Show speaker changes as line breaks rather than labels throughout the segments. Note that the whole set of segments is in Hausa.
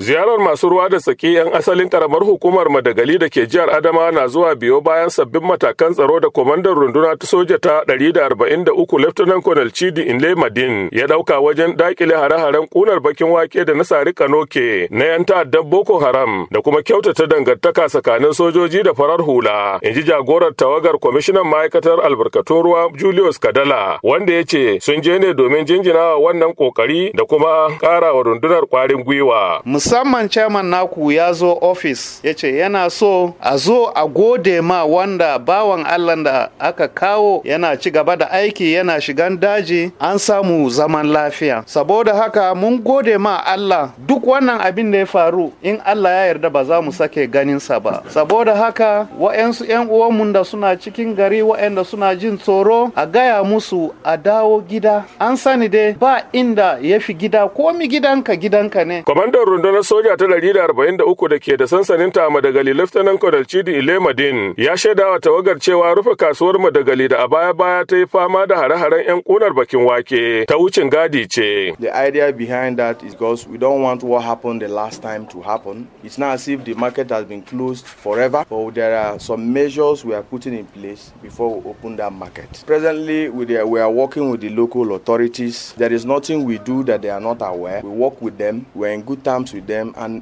Ziyarar masu ruwa da tsaki 'yan asalin karamar hukumar Madagali da ke jihar Adama na zuwa biyo bayan sabbin matakan tsaro da kwamandan runduna ta soja ta 143 Lieutenant Colonel Chidi in Madin ya dauka wajen dakile hare-haren kunar bakin wake da na sari Kanoke na 'yan ta'addar Boko Haram da kuma kyautata dangantaka tsakanin sojoji da farar hula. In ji jagorar tawagar kwamishinan ma'aikatar albarkatun ruwa Julius Kadala wanda ya ce sun je ne domin jinjinawa wannan kokari da kuma kara rundunar kwarin gwiwa.
musamman chairman naku ya zo ofis ya ce yana so a zo a gode ma wanda bawan allah da aka kawo yana ci gaba da aiki yana shigan daji an samu zaman lafiya saboda haka mun gode ma allah duk wannan abin da ya faru in allah ya yarda ba za mu sake ganinsa ba saboda haka wa'yansu 'yan uwanmu da suna cikin gari wa'yanda suna jin tsoro a gaya musu a dawo gida an sani dai ba inda ya fi gida komi gidanka gidanka ne Komandan
rundunar soja ta 143 da ke da a Madagali Laftanan Colonel Chidi Ilemadin ya tawagar cewa rufe kasuwar Madagali da a baya-baya ta yi fama da hare-haren 'yan kunar bakin wake ta wucin gadi ce. The idea behind
that is because we don't want what happened the last time to happen. It's not as if the market has been closed forever, but there are some measures we are putting in place before we open that market. Presently, we are, we are working with the local authorities. There is nothing we do that they are not aware. We work with them. We are in good terms with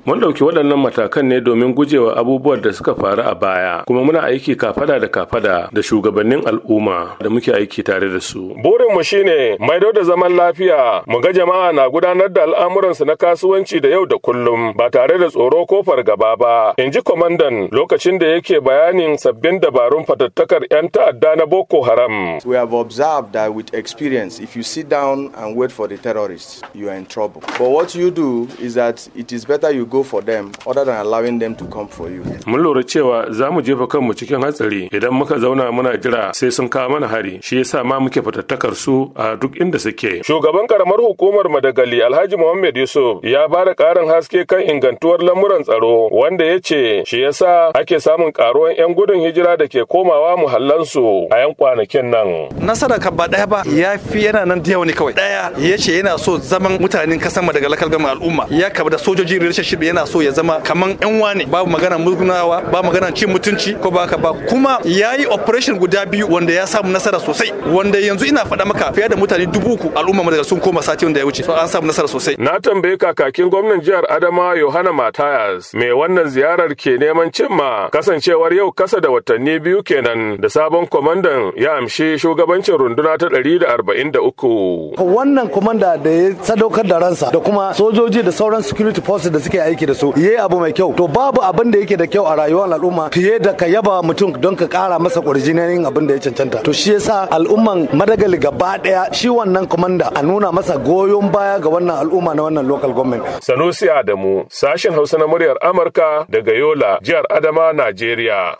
Mun ɗauki waɗannan matakan ne domin gujewa abubuwan da suka faru a baya, kuma muna aiki kafada da kafada da shugabannin al'umma da muke aiki tare da su. burin mu shine maido da zaman lafiya, mu ga jama'a na gudanar da al'amuransu na kasuwanci da yau da kullum ba tare da tsoro ko fargaba ba, in ji kwamandan lokacin da yake bayanin sabbin dabarun fatattakar 'yan ta'adda na Boko Haram.
We have observed that with experience, if you sit down and wait for the terrorists, you are in trouble. But what you do is that it is is better you go for them other than allowing them to come for you.
Mun lura cewa za mu jefa kanmu cikin hatsari idan muka zauna muna jira sai sun kawo mana hari shi yasa ma muke fatattakar su a duk inda suke. Shugaban karamar hukumar Madagali Alhaji muhammed Yusuf ya ba da karin haske kan ingantuwar lamuran tsaro wanda ya ce shi yasa ake samun karuwan 'yan gudun hijira da ke komawa muhallansu a 'yan kwanakin nan.
Nasara ka ba daya ba ya fi yana nan da yawa ne kawai daya ya ce yana so zaman mutanen kasan Madagali kalgama al'umma ya kaba da sojoji jin relationship yana so ya zama kaman yan wane babu magana murgunawa ba magana cin mutunci ko ba ba kuma yayi operation guda biyu wanda ya samu nasara sosai wanda yanzu ina faɗa maka fiye da mutane dubu
uku al'umma sun koma sati wanda ya wuce so an samu nasara sosai na tambaye kakakin gwamnan jihar Adama Yohana Matayas me wannan ziyarar ke neman cimma kasancewar yau kasa da watanni biyu kenan da sabon kwamandan ya amshi shugabancin runduna ta 143
wannan kwamanda da ya sadaukar da ransa da kuma sojoji da sauran security forces da suke aiki da su yayi abu mai kyau to babu abin da yake da kyau a rayuwar al'umma fiye da ka yaba mutum don ka kara masa kurjinin abin da ya cancanta to shi yasa al'umman madagali gaba daya shi wannan komanda a nuna masa goyon baya ga wannan al'umma na wannan local government
sanusi adamu sashen hausa na muryar amurka daga yola jihar adama najeriya